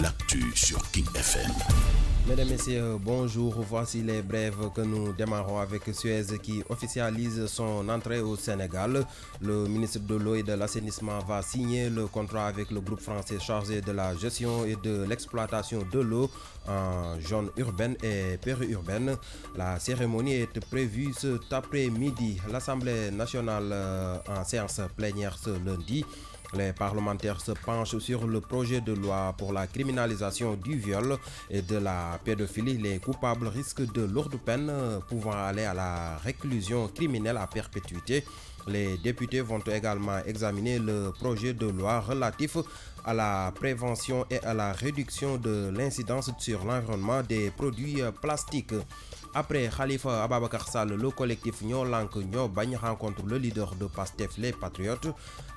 l'actu sur King FM. Mesdames, et Messieurs, bonjour. Voici les brèves que nous démarrons avec Suez qui officialise son entrée au Sénégal. Le ministre de l'eau et de l'assainissement va signer le contrat avec le groupe français chargé de la gestion et de l'exploitation de l'eau en zone urbaine et périurbaine. La cérémonie est prévue cet après-midi. L'Assemblée nationale euh, en séance plénière ce lundi. Les parlementaires se penchent sur le projet de loi pour la criminalisation du viol et de la pédophilie. Les coupables risquent de lourdes peines pouvant aller à la réclusion criminelle à perpétuité. Les députés vont également examiner le projet de loi relatif à la prévention et à la réduction de l'incidence sur l'environnement des produits plastiques. Après Khalifa Ababakar Sall, le collectif Nyon Lank Nyon Bagne rencontre le leader de PASTEF, les Patriotes.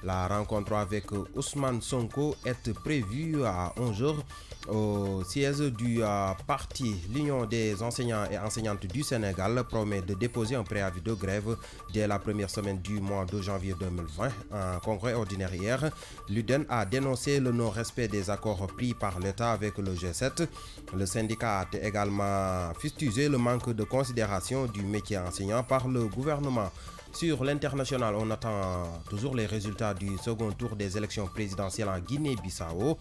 La rencontre avec Ousmane Sonko est prévue à 11 jours au siège du euh, parti. L'Union des enseignants et enseignantes du Sénégal promet de déposer un préavis de grève dès la première semaine du mois de janvier 2020. Un congrès ordinaire hier, l'UDEN a dénoncé le non-respect des accords pris par l'État avec le G7. Le syndicat a également fustigé le manque de considération du métier enseignant par le gouvernement. Sur l'international, on attend toujours les résultats du second tour des élections présidentielles en Guinée-Bissau.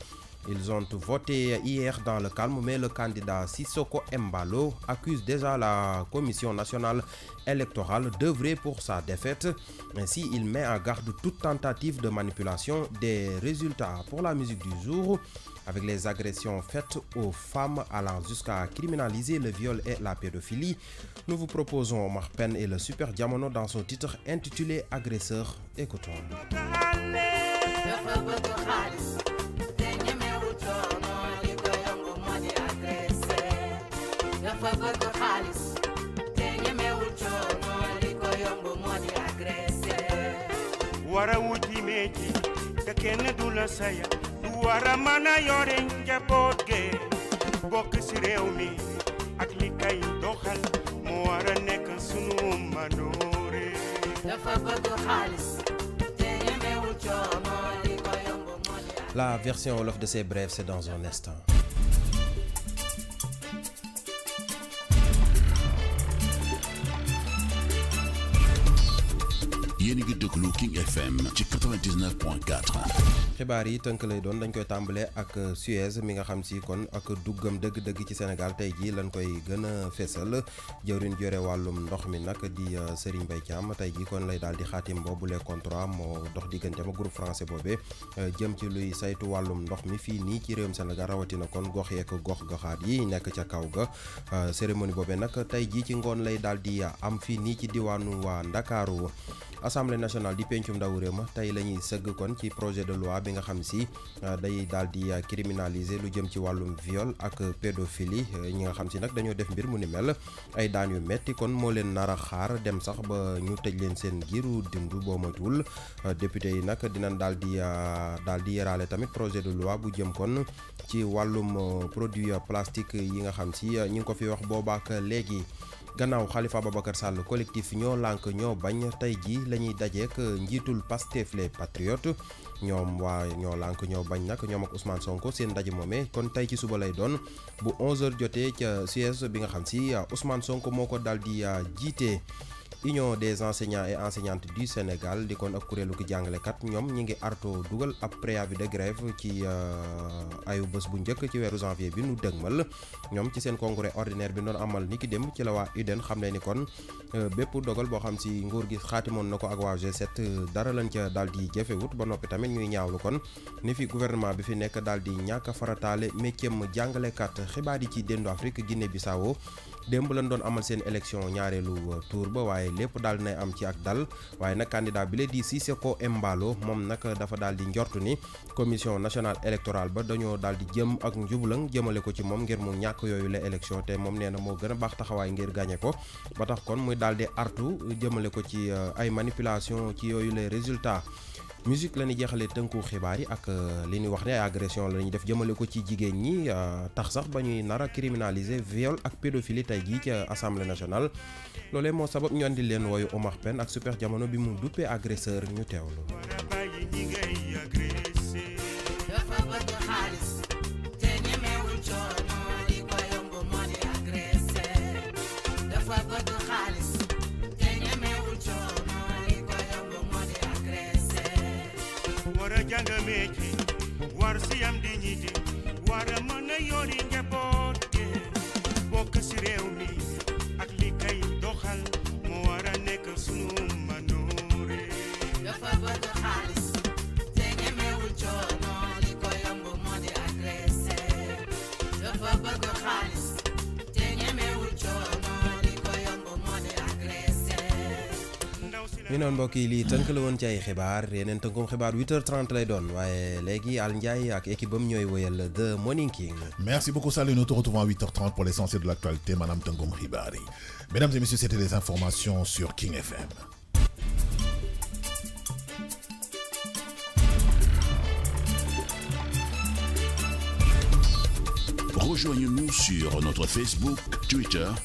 Ils ont voté hier dans le calme, mais le candidat Sissoko Mbalo accuse déjà la Commission nationale électorale d'œuvrer pour sa défaite. Ainsi, il met en garde toute tentative de manipulation des résultats pour la musique du jour avec les agressions faites aux femmes allant jusqu'à criminaliser le viol et la pédophilie. Nous vous proposons Marpen et le Super Diamono dans son titre intitulé Agresseur. Écoutons. la version Olof de ces brèves c'est dans un instant yéen a ngi déglu King FM ci 99.4. xibaar yi tënk lay doon dañ koy ak Suez mi nga xam si kon ak duggam dëgg-dëgg ci Sénégal tey ji lan koy gën a fesal jëwriñ jore wàllum ndox mi nag di euh, Serigne Mbaye Thiam tey ji kon lay daal di xaatim le contrat moo dox diggante ma groupe français boobee euh, jëm ci luy saytu wàllum ndox mi fii nii ci réewum Sénégal rawatina kon gox yeeg gox goxaat yi nekk ca kaw ga euh, cérémonie boobee nag tey ji ci ngoon lay daal di am fii nii ci diwaanu waa Ndakaaru. assemblée nationale di pencum ndawu réew ma tey la ñuy sëgg kon ci projet de loi bi nga xam si euh, day daal di euh, criminaliser lu jëm ci wàllum viol ak pédophilie euh, ñi nga xam si nag dañoo def mbir mu ni mel ay daan yu metti kon moo leen nar a xaar dem sax ba ñu tëj leen seen giiru dindu boo moytuwul député yi nag dinañ daal di daal di yaraale tamit projet de loi bu jëm kon ci wàllum produit plastique yi nga xam si ñi ngi ko fi wax boobaak léegi gannaaw Khalifa Babacar Sall collectif ñoo lànk ñoo bañ tey ji la ñuy dajeek euh, njiitul Pastef les Patriotes ñoom waa ñoo lànk ñoo bañ nag ñoom ak usmaan Sonko seen ndaje moomee kon tey ci suba lay doon bu 11h jotee ca siège bi nga xam si euh, Ousmane Sonko moo ko daal di euh, jiitee union des enseignants et enseignantes du Sénégal di kon ak kuréelu ki jàngalekat ñoom ñi ngi arto dugal ab préavis de grève ci euh, ayu bés bu njëkk ci weeru janvier bi nu dëgmal ñoom ci seen congrès ordinaire bi doon amal ni ki dem ci la waa UDEN xam ne ni kon euh, bépp dogal boo xam si nguur gi xaatimoon na ko ak waa G7 dara lañ ca daal di jëfewut ba noppi tamit ñuy ñaawlu kon ni fi gouvernement bi fi nekk daal di ñàkk farataale métier jàngalekat xibaar yi ci dendu Afrique Guinée Bissau démb lañ doon amal seen élection ñaareelu euh, tour ba waaye lépp daal dinay am ci ak dal waaye nag candidat bi la di Sissoko Embalo moom nag dafa daal di njortu ni commission national électorale ba dañoo daal di jëm ak njublang jëmale ko ci moom ngir mu ñàkk yooyu la élection te moom nee na moo gën a baax taxawaay ngir gagné ko ba tax kon muy daal di artu jëmale ko ci euh, ay manipulation ci yooyu les résultats musique la ñu jeexalee tënku xibaari ak euh, li ñuy wax ne agression la ñuy def jëmele ko ci jigéen ñi euh, tax sax ba ñuy nar criminaliser viol ak pédophilie tay jii ci assemblée nationale lolé mo sabab ñu andi leen woyu Omar Pène ak super jamono bi mu duppee agresseur ñu teewlu. jàng métier war si am dignité war a mën a yori njaboot gi bokk si réew mi ak li kay doxal a nekk sunu manoore dafa bëgg xaalis te ñemewul coono li ko yomb moo di Merci beaucoup salut, nous te retrouvons à 8h30 pour l'essentiel de l'actualité Madame tënkum Hibari. mesdames et messieurs c'était des informations sur King FM. Rejoignez-nous sur notre Facebook, Twitter